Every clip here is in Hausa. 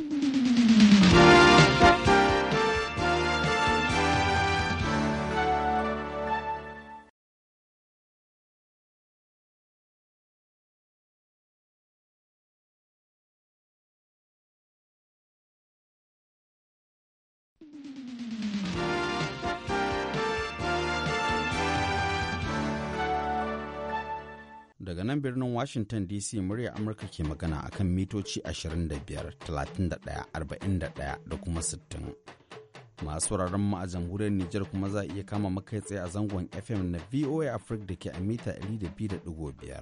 Mm-hmm. daga nan birnin Washington DC murya Amurka ke magana akan mitoci 25, 31, 41 da kuma 60. Masu wuraren mu a jamhuriyar Nijar kuma za a iya kama makai tsaye a zangon FM na VOA Africa da ke a mita 200.5.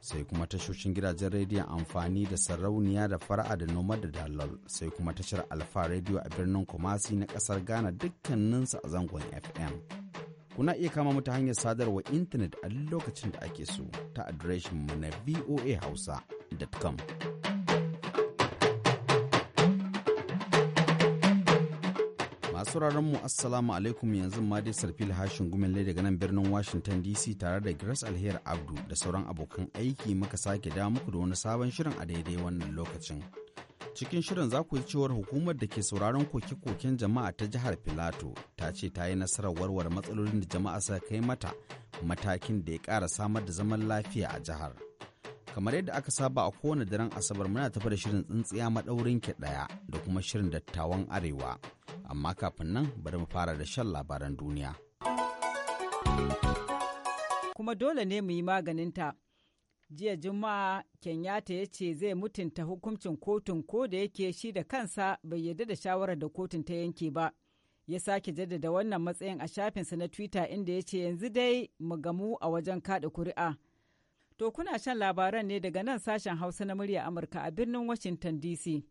Sai kuma tashoshin gidajen rediyon amfani da sarauniya da fara'a da noma da dalal sai kuma tashar Alfa rediyo a birnin Kumasi na kasar Ghana dukkaninsu a zangon FM. kuna iya kama mata hanyar sadarwa intanet a lokacin da ake so ta adireshin mu na voahausa.com. masu mu assalamu alaikum yanzu ma dai sarfil hashin gumelle daga nan birnin washington dc tare da grace alheri abdu da sauran abokan aiki muka sake da muku da wani sabon shirin a daidai wannan lokacin cikin shirin za ku yi cewar hukumar da ke sauraron koke-koken jama'a ta jihar filato ta ce ta yi nasarar warware matsalolin da jama'a suka kai mata matakin da ya kara samar da zaman lafiya a jihar kamar yadda aka saba a kowane daren asabar muna tafi da shirin tsintsiya maɗaurin ke ɗaya da kuma shirin dattawan arewa amma kafin nan bari mu fara da shan labaran duniya kuma dole ne mu yi maganinta jiya juma'a kenyatta ya ce zai mutunta hukuncin kotun ko da yake shi da kansa bai yarda da shawarar da kotun ta yanke ba ya sake jaddada wannan matsayin a shafinsa na twitter inda ya ce yanzu dai mu gamu a wajen kaɗa kuri'a to kuna shan labaran ne daga nan sashen hausa na murya amurka a birnin washington dc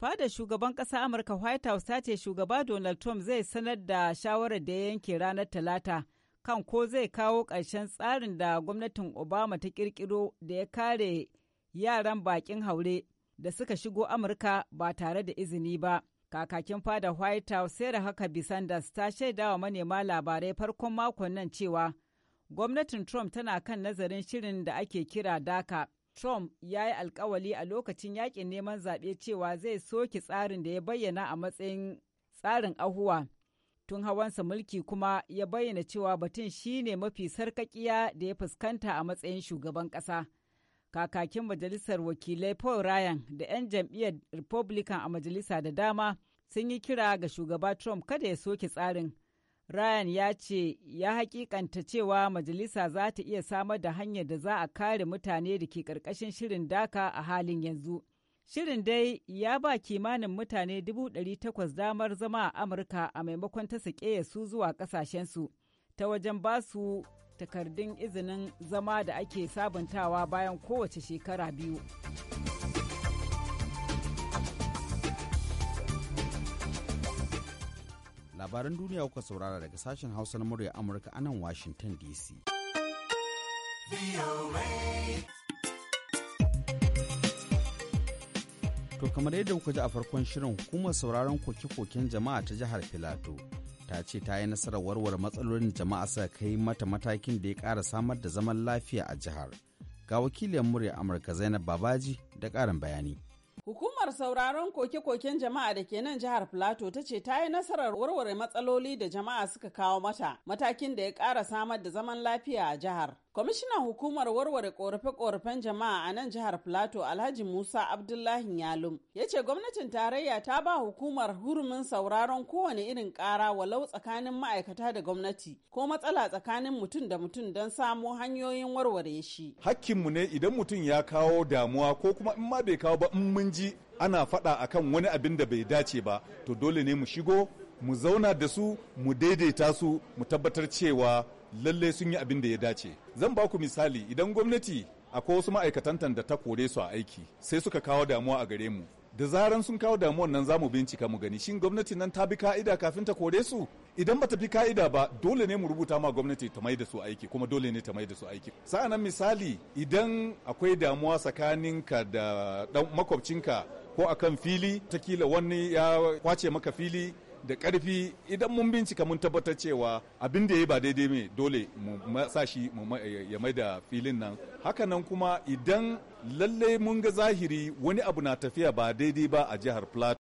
fadar shugaban ƙasa amurka white house ta ce shugaba donald trump zai sanar da shawarar da ya yanke ranar talata kan ko zai kawo ƙarshen tsarin da gwamnatin Obama ta ƙirƙiro da ya kare yaran baƙin haure da suka shigo Amurka ba tare da izini ba. Kakakin fada White House Sarah Huckabee Sanders ta shaida wa manema labarai farkon makon nan cewa gwamnatin Trump tana kan nazarin shirin da ake kira Daka Trump ya yi alkawali a lokacin yakin neman zaɓe cewa zai soke tsarin da ya bayyana a matsayin tsarin ahuwa tun hawansa mulki kuma ya bayyana cewa batun shine mafi sarkakiya da ya fuskanta a matsayin shugaban ƙasa. Kakakin majalisar wakilai Paul Ryan da 'yan jam'iyyar Republican a majalisa da dama sun yi kira ga shugaba Trump kada ya soke tsarin. Ryan ya ce ya hakikanta cewa majalisa za ta iya samar da hanyar da za a kare mutane da ke ƙarƙashin shirin daka a halin yanzu. Shirin dai ya ba kimanin mutane 800,000 damar zama a Amurka a maimakon ta sake su zuwa ƙasashensu ta wajen ba su takardun izinin zama da ake sabuntawa bayan kowace shekara biyu. Labaran duniya kuka saurara daga sashen Hausa na murya Amurka a nan Washington DC. To kamar yadda kuka ji a farkon shirin hukumar sauraron koke-koken jama'a ta jihar Filato ta ce ta yi nasarar warware matsalolin jama'a suka kai mata matakin da ya ƙara samar da zaman lafiya a jihar. Ga wakiliyar murya Amurka Zainab Babaji da karin bayani. Hukumar sauraron koke-koken jama'a da ke nan jihar filato ta ce ta yi nasarar warware matsaloli da jama'a suka kawo mata, matakin da ya ƙara samar da zaman lafiya a jihar. Kwamishinan hukumar warware korafe-korafen jama'a a nan jihar Plateau Alhaji Musa Abdullahi Yalum ya ce gwamnatin tarayya ta ba hukumar hurumin sauraron kowane irin ƙara walau tsakanin ma'aikata da gwamnati ko matsala tsakanin mutum da mutum don samo hanyoyin warware shi. Hakkinmu ne idan mutum ya kawo damuwa ko kuma in ma bai kawo ba in mun ji ana faɗa akan wani abin da bai dace ba to dole ne mu shigo mu zauna da su mu daidaita su mu tabbatar cewa lalle sun yi abin da ya dace zan ba ku misali idan gwamnati akwai wasu ma'aikatantan da ta kore su a aiki sai suka kawo damuwa a gare mu da zaran sun kawo damuwan nan za mu bincika mu gani shin gwamnati nan ta bi ka'ida kafin ta kore su idan bata fi ka'ida ba dole ne mu rubuta ma gwamnati ta mai da su aiki kuma dole ne ta mai da su aiki nan misali idan akwai damuwa tsakaninka da makwabcinka ko akan fili ta kila wani ya kwace maka fili da karfi idan mun bincika mun tabbatar cewa abin da ya ba daidai ne dole mu sa shi ya mai da filin nan hakanan kuma idan lallai mun ga zahiri wani abu na tafiya ba daidai ba a jihar plateau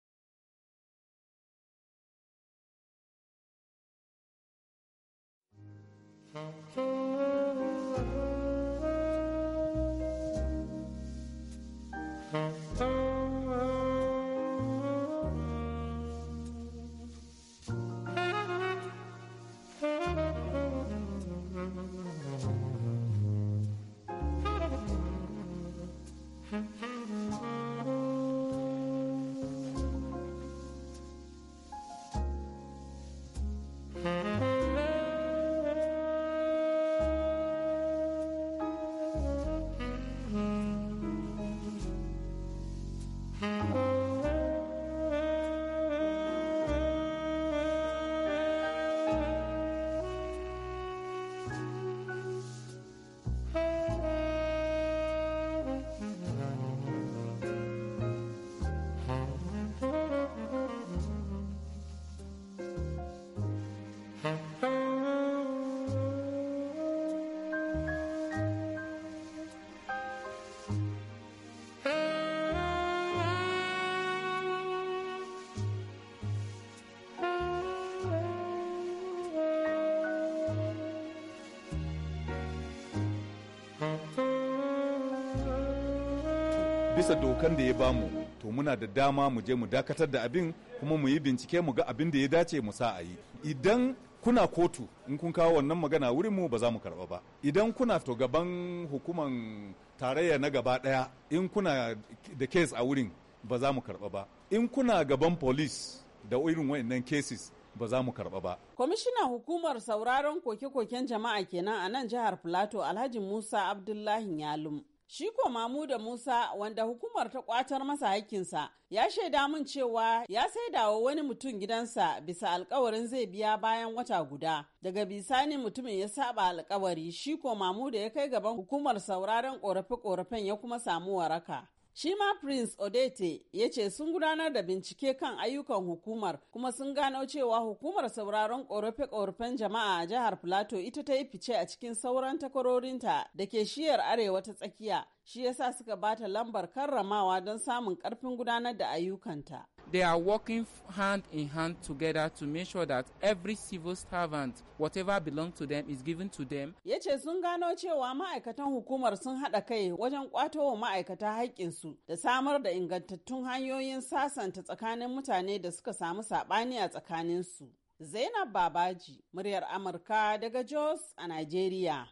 bisa dokan da ya bamu to muna da dama mu je mu dakatar da abin kuma mu yi bincike mu ga abin da ya dace mu sa a yi idan kuna kotu in kun kawo wannan magana wurin mu ba za mu karba ba idan kuna to gaban hukuman tarayya na gaba daya in kuna da case a wurin ba za mu karba ba in kuna gaban police da irin wayannan cases ba za mu karba ba. Kwamishinan hukumar sauraron koke-koken jama'a kenan a nan jihar plateau Alhaji Musa Abdullahi Yalum. Shi ko da Musa wanda hukumar ta kwatar masa hakkinsa ya shaida min cewa ya saida wa wani mutum gidansa bisa alkawarin zai biya bayan wata guda. Daga bisani mutumin ya saba alkawari shi ko Mamuda ya kai gaban hukumar sauraron korafe-korafen ya kuma samu waraka. Shi ma Prince Odete ya ce sun gudanar da bincike kan ayyukan hukumar kuma sun gano cewa hukumar sauraron korafe-korafen jama'a a jihar Plateau ita ta yi fice a cikin sauran takwarorinta da ke shiyar arewa ta tsakiya shi yasa suka bata lambar karramawa don samun karfin gudanar da ayyukanta. They are working hand in hand together to make sure that every civil servant, whatever belongs to them, is given to them. Ya ce sun gano cewa ma'aikatan hukumar sun haɗa kai wajen ƙwato wa ma'aikata haƙƙinsu da samar da ingantattun hanyoyin sasanta tsakanin mutane da suka samu saɓani a tsakaninsu. Zainab Babaji, muryar Amurka daga Jos a Najeriya.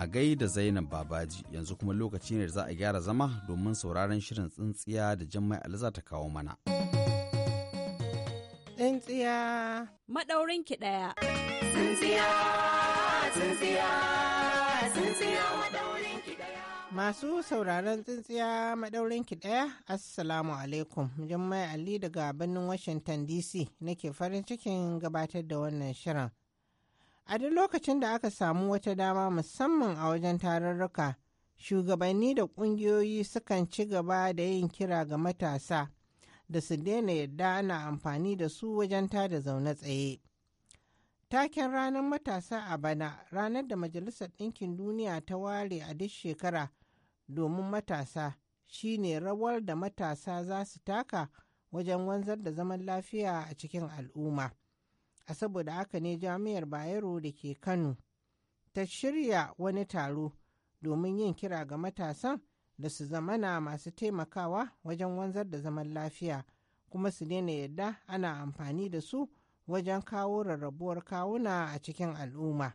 A gaida Zainab Babaji yanzu kuma lokaci ne da za a gyara zama domin sauraron shirin tsintsiya da Jummai Aliza ta kawo mana. Tsintsiya maɗaurin ki ɗaya. Tsintsiya, tsintsiya, tsintsiya maɗaurin ki ɗaya. Masu sauraron tsintsiya maɗaurin ki ɗaya, Assalamu alaikum. Jummai Ali daga birnin Washington DC nake farin cikin gabatar da wannan shirin. A duk lokacin da aka samu wata dama musamman a wajen tarurruka, shugabanni da ƙungiyoyi sukan ci gaba da yin kira ga matasa da su daina yadda ana amfani da su wajen tada zaune tsaye. Taken ranar matasa a bana ranar da Majalisar Ɗinkin Duniya ta ware a duk shekara domin matasa shine rawar da matasa za su taka wajen wanzar da zaman lafiya a cikin al'umma. a saboda haka ne jami'ar bayero da ke kano ta shirya wani taro domin yin kira ga matasan da su zamana masu taimakawa wajen wanzar da zaman lafiya kuma su daina yadda ana amfani da su wajen kawo rarrabuwar kawuna a cikin al'umma.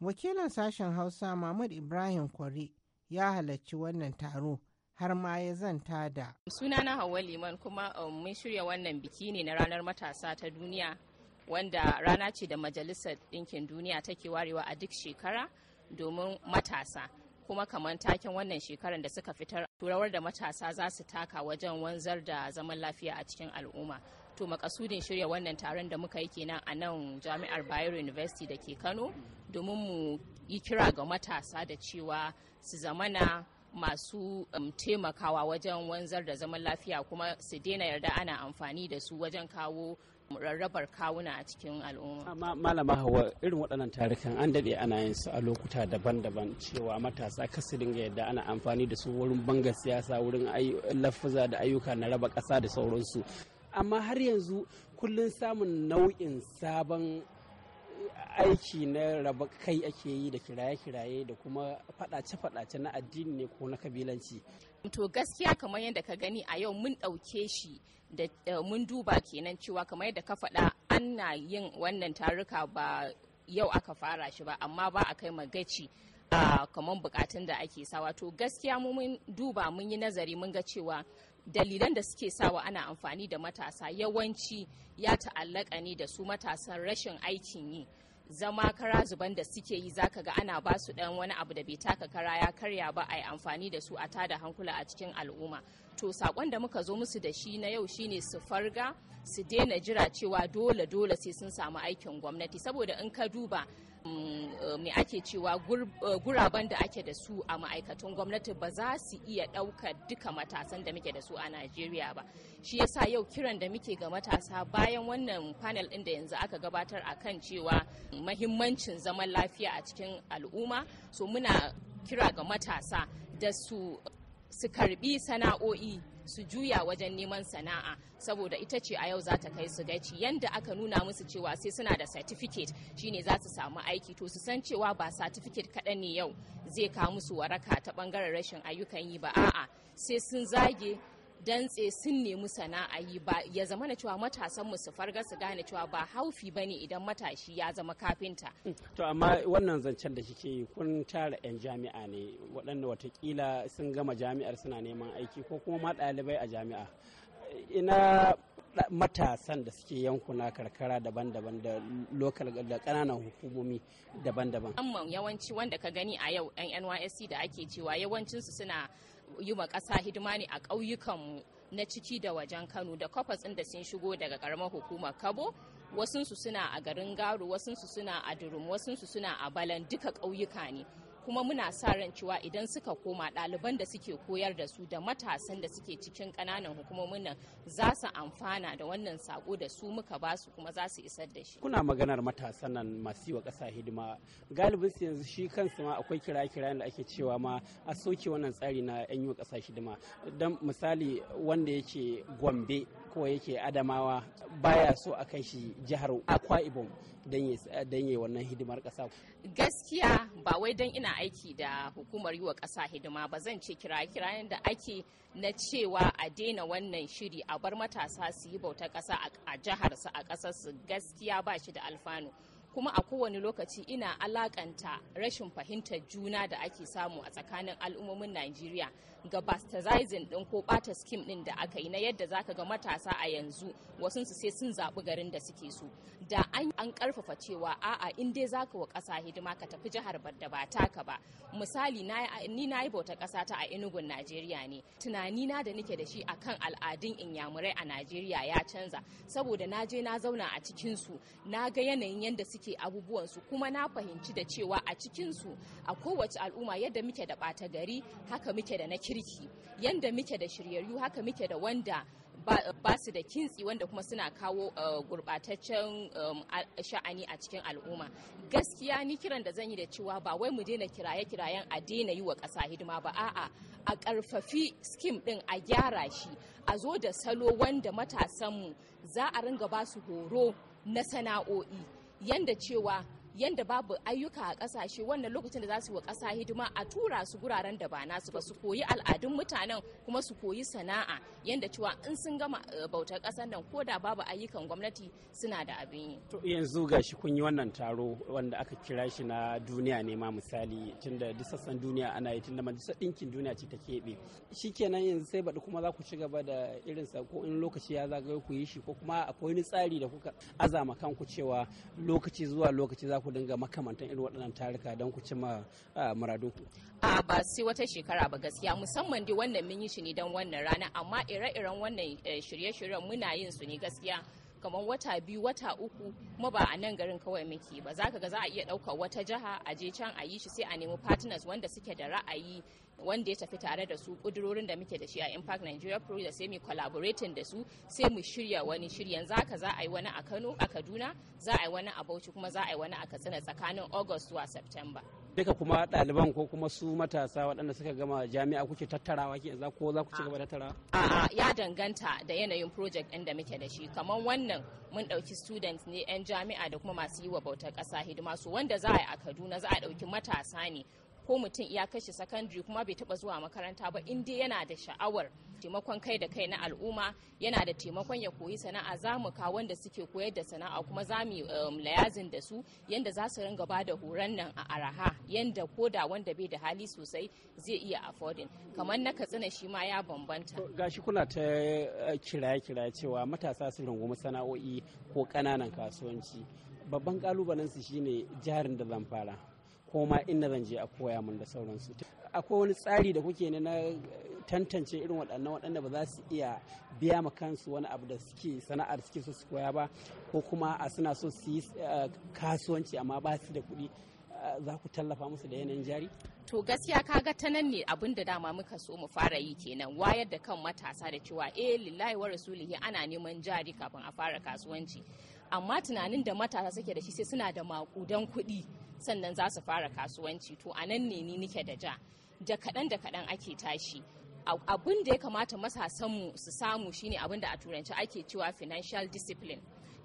Wakilin sashen Hausa Mahmud Ibrahim Kwari ya halarci wannan taro har ma ya zanta da. Sunana Hauwa Liman kuma um, mun shirya wannan biki ne na ranar matasa ta duniya wanda rana ce da majalisar ɗinkin duniya take warewa a duk shekara domin matasa kuma kamar taken wannan shekarar da suka fitar turawar da matasa za su taka wajen wanzar da zaman lafiya a cikin al'umma to makasudin shirya wannan taron da muka yi kenan a nan jami'ar bayero university da ke kano domin mu yi kira ga matasa da cewa su zamana masu um, taimakawa wajen wanzar da zaman lafiya kuma su daina yarda ana amfani da su wajen kawo rarrabar kawuna a cikin al'umma. Malama Hawa irin waɗannan tarukan an daɗe ana yin su a lokuta daban-daban cewa matasa kasu dinga yadda ana amfani da su wurin bangar siyasa wurin lafuza da ayyuka na raba ƙasa da sauransu. Amma har yanzu kullum samun nau'in sabon aiki na raba kai ake yi da kiraye-kiraye da kuma faɗace-faɗace na addini ne ko na kabilanci. To gaskiya kamar yadda ka gani a yau mun ɗauke shi da eh, mun duba kenan cewa kamar yadda ka faɗa ana yin wannan taruka ba yau aka fara shi ba amma ba a kai magaci ah, kamar bukatun da ake sawa to gaskiya mun duba mun yi nazari mun ga cewa dalilan da suke sawa ana amfani da matasa yawanci ya ta'allaka ne da su matasan rashin aikin yi zama kara zuban da suke yi zaka ga ana ba su dan wani abu da bai taka kara ya karya ba a yi amfani da su a tada hankula a cikin al'umma to sakon da muka zo musu da shi na yau shine su farga su daina jira cewa dole dole sai sun samu aikin gwamnati saboda in ka duba Eh, me ake cewa eh, guraben da ake da su a ma'aikatan gwamnati ba za su iya ɗaukar duka matasan da muke da su a najeriya ba shi yasa yau kiran da muke ga matasa bayan wannan panel ɗin da yanzu aka gabatar a kan cewa mahimmancin zaman lafiya a cikin al'umma so muna kira ga matasa da su su karbi sana'o'i su juya wajen neman sana'a saboda ita ce a yau za ta kai su gaci yanda aka nuna musu cewa sai suna da certificate shine za su samu aiki to su san cewa ba certificate kaɗan ne yau zai kawo musu waraka ta ɓangaren rashin ayyukan yi ba a'a sai sun zage dantse sun nemi sana'a yi ba ya zama na cewa matasan mu su farga su gane cewa ba haufi ba ne idan matashi ya zama kafinta mm, to amma wannan zancen da kike yi kun tara yan jami'a ne waɗanda watakila sun gama jami'ar suna neman aiki ko kuma ma ɗalibai a jami'a ina matasan da suke yankuna karkara daban-daban da lokal da kananan hukumomi daban-daban. amma yawanci wanda ka gani a yau 'yan NYSC da ake cewa yawancinsu suna yi wa ƙasa hidima ne a ƙauyukanmu na ciki da wajen Kano da kwafas da sun shigo daga ƙaramar hukumar Kabo wasunsu suna a garin Garu wasunsu suna a Durum wasunsu suna a Balan duka ƙauyuka ne kuma muna sa ran cewa idan suka koma ɗaliban da suke koyar da su da matasan da suke cikin ƙananan hukumomin nan za su amfana da wannan sako da su muka ba su kuma za su isar da shi kuna maganar matasan nan masu yi wa ƙasa hidima galibin su yanzu shi kansu ma akwai kira kira da ake cewa ma a soke wannan tsari na yan yi wa ƙasa hidima don misali wanda yake gombe ko yake adamawa baya so a kai shi jihar akwa ibom don yi wannan hidimar ƙasa gaskiya ba wai don ina aiki da hukumar yi wa ƙasa hidima ba zan ce kira kirayen da ake na cewa a daina wannan shiri a bar matasa su yi bautar ƙasa a jiharsu a ƙasarsu gaskiya ba shi da alfanu kuma a kowane lokaci ina alakanta rashin fahimtar juna da ake samu a tsakanin al'ummomin Najeriya ga bastazizing din ko bata skim din da aka yi na yadda zaka ga matasa a yanzu wasu su sai sun zaɓi garin da suke so da an karfafa cewa a'a in dai zaka wa ƙasa hidima ka tafi jihar badda ba taka ba misali ni na yi bauta ƙasa ta a Enugu Najeriya ne tunani na da nake da shi a kan al'adun inyamurai a Najeriya ya canza saboda na je na zauna a cikin su na ga yanayin yadda suke suke abubuwansu kuma na fahimci da cewa a cikinsu a kowace al'umma yadda muke da ɓata gari haka muke da na kirki yadda muke da shiryayyu haka muke da wanda ba su da kintsi wanda kuma suna kawo eh, gurbataccen um, sha'ani a cikin al'umma gaskiya ni kiran da zan yi da cewa ba wai mu daina kiraye-kirayen a daina yi wa ƙasa hidima ba a'a a ƙarfafi skim ɗin a gyara shi a zo da salo wanda matasanmu za a ringa ba su horo na sana'o'i yanda cewa yanda babu ayyuka a kasashe wannan lokacin da za su wa kasa hidima a tura su guraren da ba nasu ba su koyi al'adun mutanen kuma su koyi sana'a yanda cewa in sun gama eh, bautar kasar nan ko da babu ayyukan gwamnati suna da abin yi. To yanzu shi kun yi wannan taro wanda aka kira shi na duniya ne ma misali tunda duk sassan duniya ana yi tunda majalisar ɗinkin duniya ce ta keɓe. Shikenan yanzu sai baɗi kuma za ku ci gaba da irin ko in lokaci ya zagaye ku yi shi ko kuma akwai wani tsari da kuka azama kanku cewa lokaci zuwa lokaci za ku dinga makamantan irin waɗannan tarika don ku cima ah, muradunku? A ba sai wata shekara ba gaskiya musamman dai wannan mun yi shi ne don wannan rana amma ire-iren wannan eh, shirye-shiryen muna yin su ne gaskiya kamar wata biyu wata uku kuma ba a nan garin kawai muke ba za ka ga za a iya ɗaukar wata jiha a je can a yi shi sai a nemi partners wanda suke da ra'ayi wanda ya tafi tare da su kudurorin da muke da shi a impact nigeria project sai mu collaborating da su sai mu shirya wani shiri yanzu haka za a yi wani a kano a kaduna za a yi wani a bauchi kuma za a yi wani a katsina tsakanin august zuwa september duka kuma ɗaliban ko kuma su matasa waɗanda suka gama jami'a kuke tattarawa ke za ko za ku ci gaba a a ya danganta da yanayin project ɗin da muke da shi kamar wannan mun ɗauki student ne 'yan jami'a da kuma masu yi wa bautar ƙasa hidima su wanda za a yi a Kaduna za a ɗauki matasa ne ko mutum ya kashe secondary kuma bai taba zuwa makaranta ba in dai yana da sha'awar taimakon kai da kai na al'umma yana da taimakon ya koyi sana'a za mu kawo wanda suke koyar da sana'a kuma za mu um, layazin da su yanda za su ringa da horon nan a araha yanda ko da wanda bai da hali sosai zai iya afodin kamar na katsina shi ma ya bambanta gashi kuna ta eh, kira-kira cewa matasa su rungumi sana'o'i ko ƙananan kasuwanci babban kalubalen su shine jarin da zan fara ko ma inda zan je a koya mun da sauransu akwai wani tsari da kuke ne na tantance irin waɗannan waɗanda ba za su iya biya ma kansu wani abu da suke sana'ar suke so su koya ba ko kuma a suna so su yi eh, kasuwanci amma ba su da kuɗi eh, za ku tallafa musu da yanayin jari to gaskiya ka ga ta nan ne abin da dama muka so mu fara yi kenan wayar da kan matasa da cewa eh lillahi wa rasulihi ana neman jari kafin a fara kasuwanci amma tunanin da matasa suke da shi sai suna da makudan kuɗi sannan za su fara kasuwanci to a nan ne ni nike da ja da kaɗan da kaɗan ake tashi abin da ya kamata matasanmu su samu shine abin da a turanci ake cewa financial discipline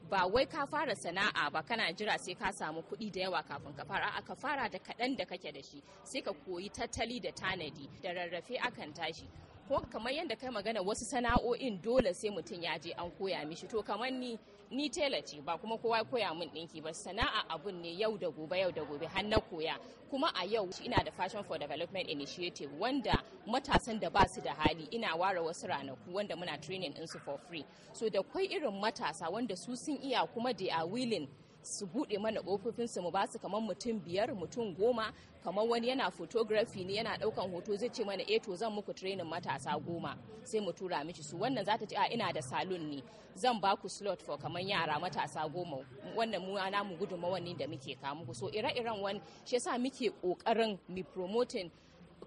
ba wai ka fara sana'a ba kana jira sai ka samu kuɗi da yawa kafin ka fara a ka fara da kaɗan da kake da shi sai ka koyi tattali da tanadi da rarrafe akan tashi ko kamar yadda kai magana wasu sana'o'in dole sai mutum ya je an koya mishi to kamar ni ni tela ce ba kuma kowa koya min ɗinki ba sana'a abun ne yau da gobe yau da gobe har na koya kuma a yau ina da fashion for development initiative wanda matasan da ba su da hali ina ware wasu ranaku wanda muna training ɗinsu for free so da kwai irin matasa wanda su sun iya kuma da are willing su bude mana kofofinsu mu ba su kamar mutum biyar mutum goma kamar wani yana photography ne yana daukan hoto zai ce mana eh to zan muku training matasa goma sai mu tura miki su wannan za ta ce a ina da salon ne zan ba ku slot for kamar yara matasa goma wannan mu ana mu gudunmawa ne da muke kawo muku so ire-iren wani shi yasa muke kokarin mi promoting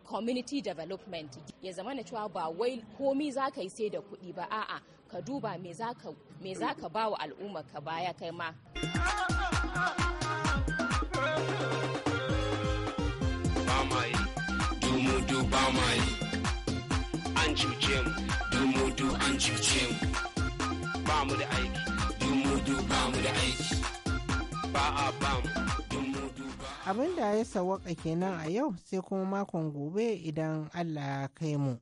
community development ya zama na cewa ba wai komi za ka yi sai da kuɗi ba a'a ka duba me za ka ba wa al'umma ka baya kai ma. Dumudu da aiki, dumudu ba da aiki, abin da ya sawaka kenan a yau sai kuma makon gobe idan allah ya kai mu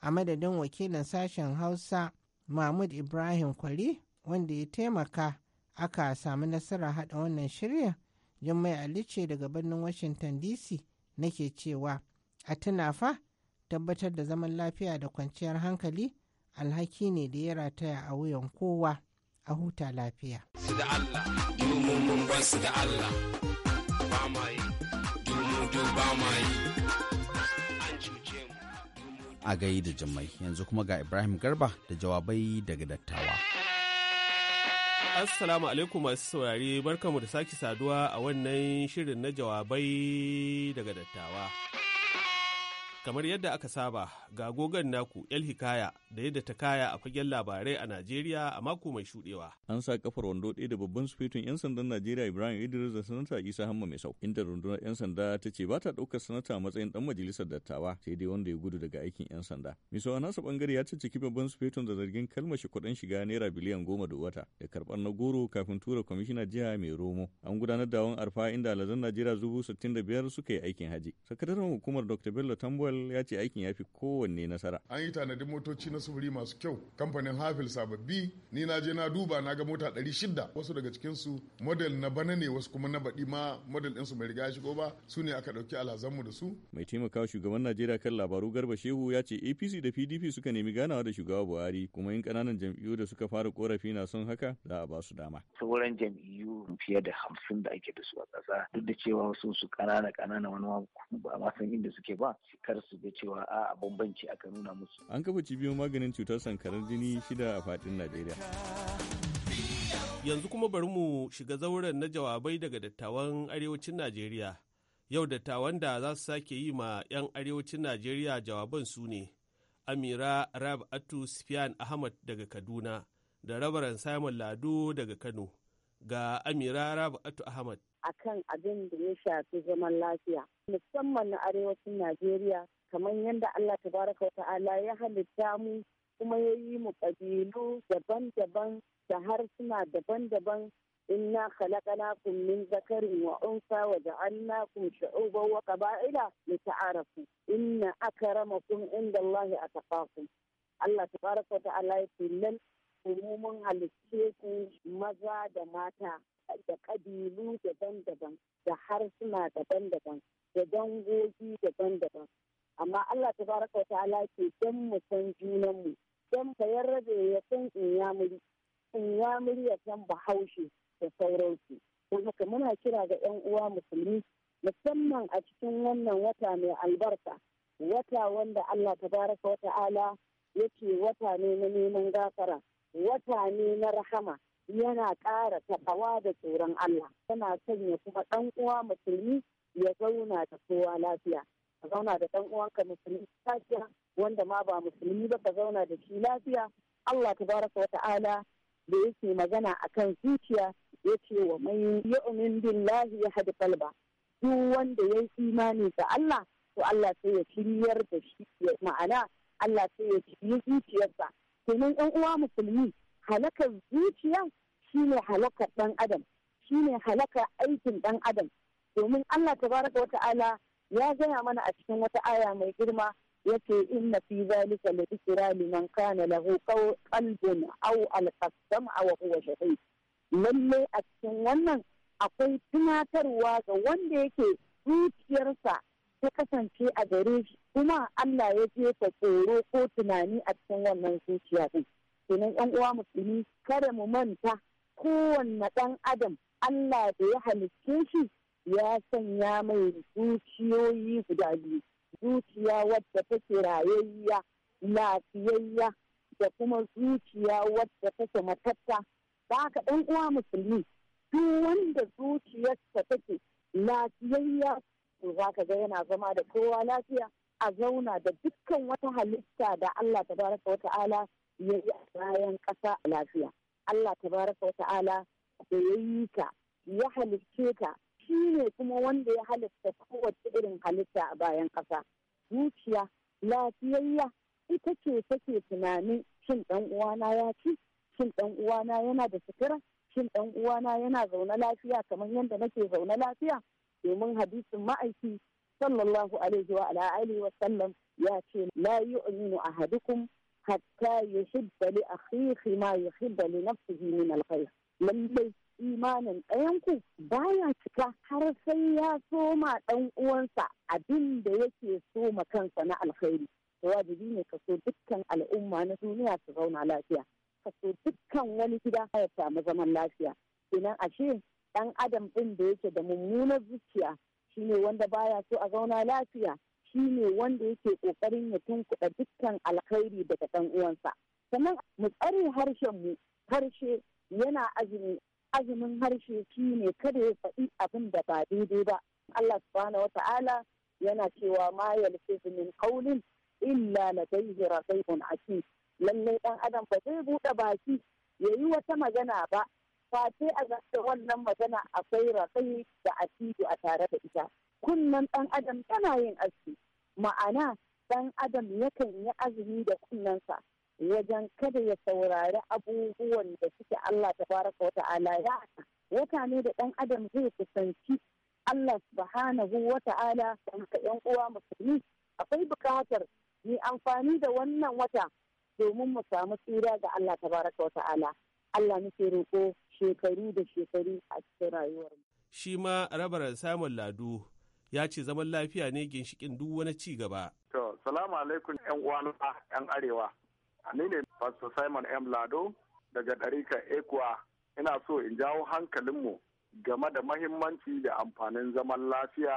a madadin wakilin sashen hausa mahmud ibrahim kwari wanda ya taimaka aka samu nasarar haɗa wannan shirya jummai ali ce daga birnin washington dc nake cewa a tuna fa tabbatar da zaman lafiya da kwanciyar hankali alhaki ne da ya rataya a wuyan kowa a huta lafiya. Su da Allah, mun da Allah. a gayi da jimmai yanzu kuma ga ibrahim garba da jawabai daga dattawa assalamu alaikum masu saurari mu da sake saduwa a wannan shirin na jawabai daga dattawa Kamar yadda aka saba, ga gogon naku El Hikaya da yadda ta kaya a fagen labarai a Najeriya a mako mai shudewa. An sa kafar wando ɗaya da babban sufetun 'yan sandan Najeriya Ibrahim Idris da sanata Isa Hamma mai sau, inda rundunar 'yan sanda ta ce ba ta ɗaukar sanata a matsayin dan majalisar dattawa sai dai wanda ya gudu daga aikin 'yan sanda. Misau a nasa ɓangare ya cicciki babban sufetun da zargin kalmashi kuɗin shiga naira biliyan goma da wata da karɓar na goro kafin tura kwamishina jiha mai romo. An gudanar da hawan arfa inda aladen Najeriya zubu biyar suka yi aikin haji. Sakataren hukumar Dr. Bello Tambo Lawal ya ce aikin ya fi kowanne nasara. An yi tanadin motoci na sufuri masu kyau kamfanin Hafil sababbi ni na je na duba na ga mota 600 wasu daga cikinsu model na bana ne wasu kuma na baɗi ma model ɗinsu mai riga ya shigo ba su ne aka ɗauki alhazanmu da su. Mai taimakawa shugaban Najeriya kan labaru Garba Shehu ya ce APC da PDP suka nemi ganawa da shugaba Buhari kuma in ƙananan jam'iyyu da suka fara korafi na son haka za a ba su dama. Sauran jam'iyyu fiye da hamsin da ake da su a ƙasa duk da cewa wasu su ƙanana ƙanana wani ba ma san inda suke ba kar su ga cewa a bambanci aka nuna musu an kafa cibiyoyin maganin cutar sankarar jini shida a fadin najeriya yanzu kuma bari mu shiga zauren na jawabai daga dattawan arewacin najeriya yau dattawan da za su sake yi ma 'yan arewacin najeriya jawaban su ne amira rab atu sufyan ahmad daga kaduna da rabaran simon lado daga kano ga amira rab atu ahmad akan abin da ya shafi zaman lafiya musamman na arewacin najeriya kamar yadda allah tabaraka wa ta'ala ya halitta mu kuma ya yi mu ƙabilu daban-daban da harsuna daban-daban inna khalaqnakum min zakarin wa unsa wa ja'alnakum shu'uban wa qaba'ila lita'arafu inna akramakum indallahi ataqakum Allah tabaraka wa ta'ala ya tilal umumun mun maza da mata da ƙabilu daban-daban da harsuna daban-daban da dangogi daban-daban amma Allah ta baraka wa ta'ala ke mu san junanmu dan ka rabe ya san in inyamuri inyamuri ya san bahaushe da sauransu don haka muna kira ga 'yan uwa musulmi musamman a cikin wannan wata mai albarka wata wanda Allah ta baraka wa ta'ala yake wata ne na neman gafara wata ne na rahama yana ƙara taɓawa da tsoron Allah yana sanya kuma ɗan uwa musulmi ya zauna da kowa lafiya ka zauna da ɗan uwanka musulmi lafiya wanda ma ba musulmi ba ka zauna da shi lafiya Allah tabaraka wa ta'ala da yake magana akan zuciya ya ce wa mai yu'min billahi ya hadi kalba duk wanda ya yi imani ga Allah to Allah sai ya shiryar da shi ma'ana Allah sai ya shirye zuciyarsa domin yan uwa musulmi halakar zuciya shine halakar dan adam shine halakar aikin dan adam domin Allah tabaraka wa ta'ala ya gaya mana a cikin wata aya mai girma yake inna fi zalika la dhikra liman kana lahu qalbun aw al-qasam aw huwa shahid lalle a cikin wannan akwai tunatarwa ga wanda yake zuciyarsa ya kasance a gare shi kuma Allah ya jefa tsoro ko tunani a cikin wannan zuciya din kenan yan uwa musulmi kada mu manta kowanne ɗan adam Allah da ya halicce shi ya sanya mai zuciyoyi guda biyu zuciya wadda take rayayya lafiyayya da kuma zuciya wadda take matatta ba ka ɗan uwa musulmi duk wanda zuciyarsa take lafiyayya za ka ga yana zama da kowa lafiya a zauna da dukkan wata halitta da Allah ta tabaraka wa ta'ala ya yi a bayan ƙasa lafiya. Allah ta tabaraka wa ta'ala da ya yi ka ya halicce ka shi ne kuma wanda ya halitta kowace irin halitta a bayan ƙasa. Zuciya lafiyayya ita ce take tunanin shin ɗan uwana ya ci shin ɗan uwana yana da sutura shin ɗan uwana yana zaune lafiya kamar yadda nake zaune lafiya domin hadisin ma'aiki sallallahu alaihi wa alihi wa sallam ya ce la yu'minu ahadukum hatta yuhibba li akhihi ma yuhibba li nafsihi min alkhair lallai imanin ɗayanku baya cika har sai ya soma ɗan uwansa abin da yake soma kansa na alkhairi wajibi ne ka so dukkan al'umma na duniya su zauna lafiya ka so dukkan wani gida ya samu zaman lafiya kenan ashe dan adam ɗin da yake da mummunar zuciya shine wanda baya so a zauna lafiya shine wanda yake ƙoƙarin ya tunkuɗa dukkan alkhairi daga ɗan uwansa sannan mu tsare harshen mu harshe yana azumi azumin harshe shine kada ya faɗi abin da ba daidai ba Allah subhanahu wata'ala yana cewa ma yalfizu min qawlin illa ladayhi raqibun atid lallai dan adam ba zai buɗe baki yayi wata magana ba Fati a zata wannan magana akwai rasai da asidu a tare da ita. Kunnan ɗan adam tana yin aski. Ma'ana ɗan adam yakan yi azumi da kunnensa wajen kada ya saurari abubuwan da suke Allah ta baraka wa ta'ala ya wata ne da ɗan adam zai kusanci Allah subhanahu wa ta'ala ka yan uwa musulmi akwai bukatar mu amfani da wannan wata domin mu samu tsira ga Allah tabaraka wa ta'ala Allah muke roƙo shekaru da shekaru a cikin rayuwar shi ma rabar samun ladu ya ce zaman lafiya ne ginshikin duk wani ci gaba to salamu alaikum yan uwana yan arewa ni ne pastor simon m lado daga ɗarika ekwa ina so in jawo hankalinmu game da mahimmanci da amfanin zaman lafiya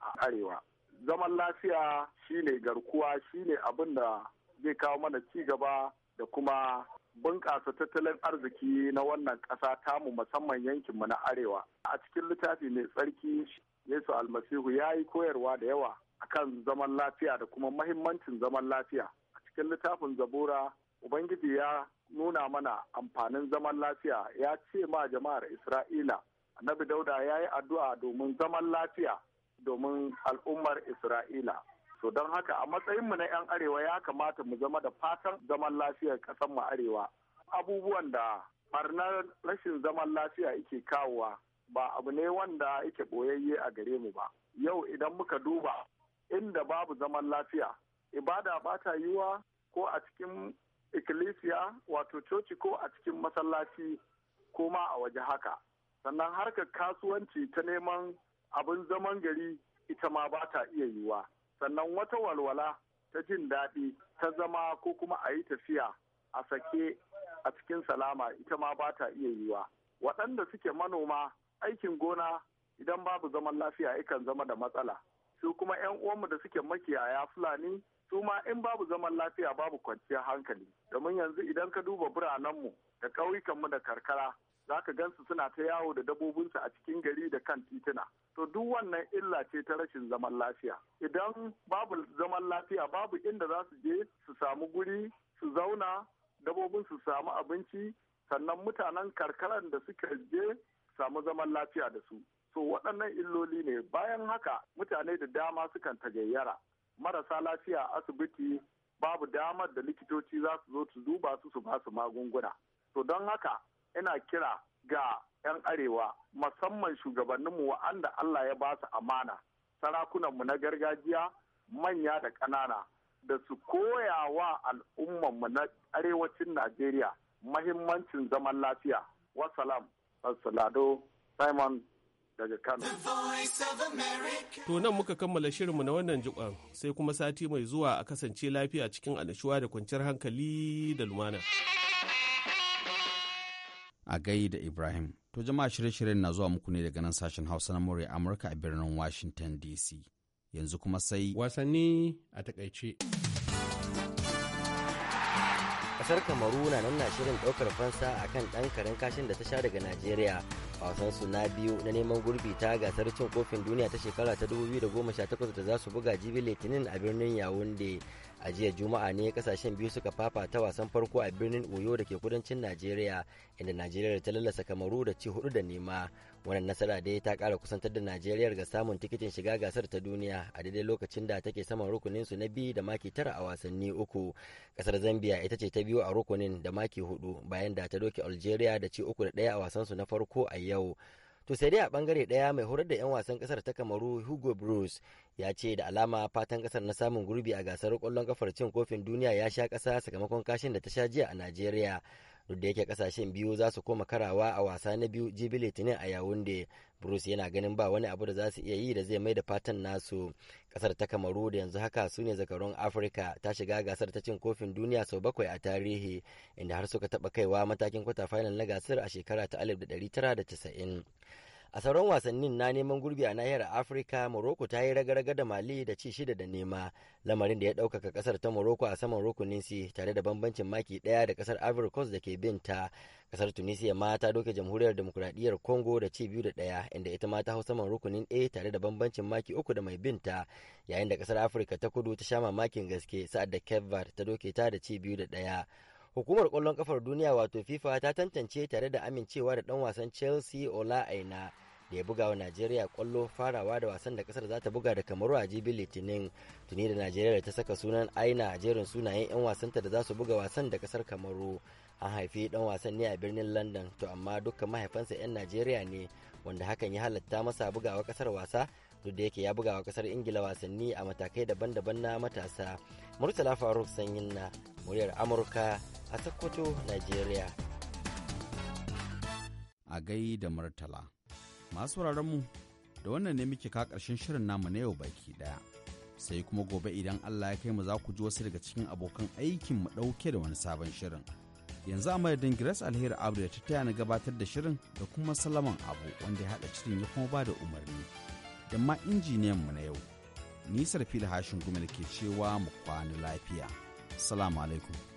a arewa zaman lafiya shine garkuwa shine abin da zai kawo mana ci gaba da kuma bunƙasa tattalin arziki na wannan ƙasa tamu musamman yankinmu na arewa a cikin littafi mai tsarki yesu almasihu ya yi koyarwa da yawa akan zaman lafiya da kuma mahimmancin zaman lafiya a cikin littafin zabura ubangiji ya nuna mana amfanin zaman lafiya ya ce ma jama'ar isra'ila annabi dauda ya yi addu'a domin zaman lafiya domin al'ummar isra'ila to don haka a matsayinmu na 'yan arewa ya kamata mu zama da fatan zaman lafiyar ƙasar mu arewa abubuwan da barnar rashin zaman lafiya yake kawowa ba abu ne wanda yake ɓoyayye a gare mu ba yau idan muka duba inda babu zaman lafiya ibada ba ta yiwa ko a cikin ikkilisiya wato coci ko a cikin masallaci ko ma a waje haka sannan harkar kasuwanci ta neman abin zaman gari ita ma ba ta iya yiwa sannan wata walwala ta jin daɗi ta zama ko kuma a yi tafiya a sake a cikin salama ita ma ba ta iya yiwa waɗanda suke manoma aikin gona idan babu zaman lafiya yakan zama da matsala su kuma 'yan uwanmu da suke makiyaya fulani su ma in babu zaman lafiya babu kwanciyar hankali domin yanzu idan ka duba biranenmu da ƙauyukanmu da karkara za ka gansu suna ta yawo da dabobinsu a cikin gari da kan tituna To duk wannan illa ce ta rashin zaman lafiya. Idan babu zaman lafiya babu inda za su je su samu guri su zauna dabobin su samu abinci sannan mutanen karkaran da suka je samu zaman lafiya da su. So waɗannan illoli ne bayan haka mutane da dama sukan tagayyara marasa lafiya asibiti babu damar da likitoci za su zo su duba su su ba su magunguna. To don haka ina kira ga 'yan arewa musamman shugabanninmu wa'anda Allah ya ba su amana sarakunanmu na gargajiya manya da ƙanana da su koya wa al'ummanmu na arewacin Najeriya mahimmancin zaman lafiya. Wasalam, Salado Simon daga Kano. To nan muka kammala shirinmu na wannan jikon sai kuma sati mai zuwa a kasance lafiya cikin annashuwa da kwanciyar hankali da lumana. a gai da Ibrahim. To jama'a shirye-shiryen na zuwa muku ne daga nan sashen Hausa na murya Amurka a birnin Washington DC. Yanzu kuma sai wasanni a takaice. Kasar Kamaru na nan na shirin ɗaukar fansa akan ɗan karen kashin da ta sha daga Najeriya. wasan su na biyu na neman gurbi ta gasar cin kofin duniya ta shekara ta 2018 da za su buga jibi litinin a birnin yawunde. a jiya juma'a ne kasashen biyu suka fafata wasan farko a birnin oyo da ke kudancin najeriya inda najeriya ta lallasa kamaru da ci hudu da nema wannan nasara dai ta kara kusantar da najeriya ga samun tikitin shiga gasar ta duniya a daidai lokacin da take saman rukunin su na biyu da maki tara a wasanni uku kasar zambia ita ce ta biyu a rukunin da maki hudu bayan da ta doke algeria da ci uku da daya a wasansu na farko a yau to sai dai a bangare daya mai horar da 'yan wasan kasar ta kamaru hugo bruce ya ce da alama fatan kasar na samun gurbi a gasar kwallon kafar cin kofin duniya ya sha kasa sakamakon kashin da ta sha jiya a najeriya duk da yake kasashen biyu za su koma karawa a wasa na biyu jibi litinin a yawunde bruce yana ganin ba wani abu da za su iya yi da zai mai da fatan nasu kasar ta kamaru da yanzu haka su ne zakarun afirka ta shiga gasar ta cin kofin duniya sau bakwai a tarihi inda har suka taba kaiwa matakin kwata final na gasar a shekara ta 1990 a sauran wasannin na neman gurbi a nahiyar afirka morocco ta yi ragaraga da mali da ci shida da nema lamarin da ya ɗaukaka ƙasar ta morocco a saman rukunin si tare da bambancin maki ɗaya da ƙasar ivory coast da ke bin ta ƙasar tunisia ma ta doke jamhuriyar demokuraɗiyyar congo da ci biyu da ɗaya inda ita ma ta hau saman rukunin a tare da bambancin maki uku da mai bin ta yayin da ƙasar afirka ta kudu ta sha mamakin gaske sa'ad da kevard ta doke ta da ci biyu da ɗaya hukumar kwallon kafar duniya wato fifa ta tantance tare da amincewa da dan wasan chelsea ola aina da ya buga wa najeriya kwallo farawa da wasan da kasar za ta buga da kamaru a jibi litinin tuni da najeriya da ta saka sunan aina a jerin sunayen 'yan wasanta da za su buga wasan da kasar kamaru an haifi dan wasan ne a birnin london to amma dukkan mahaifansa 'yan najeriya ne wanda hakan ya halatta masa bugawa kasar wasa duk da yake ya bugawa kasar ingila wasanni a matakai daban-daban na matasa murtala faruk sanyin na muryar amurka a sokoto najeriya a gai da murtala masu mu da wannan ne muke ka ƙarshen shirin namu na yau baki ɗaya sai kuma gobe idan allah ya kai mu za ku ji wasu daga cikin abokan aikin mu ɗauke da wani sabon shirin yanzu a madadin grace alheri abu da ta taya na gabatar da shirin da kuma salaman abu wanda ya haɗa shirin ya kuma ba da umarni da ma injiniyan mu na yau nisar fili hashin gumel ke cewa mu kwana lafiya salamu alaikum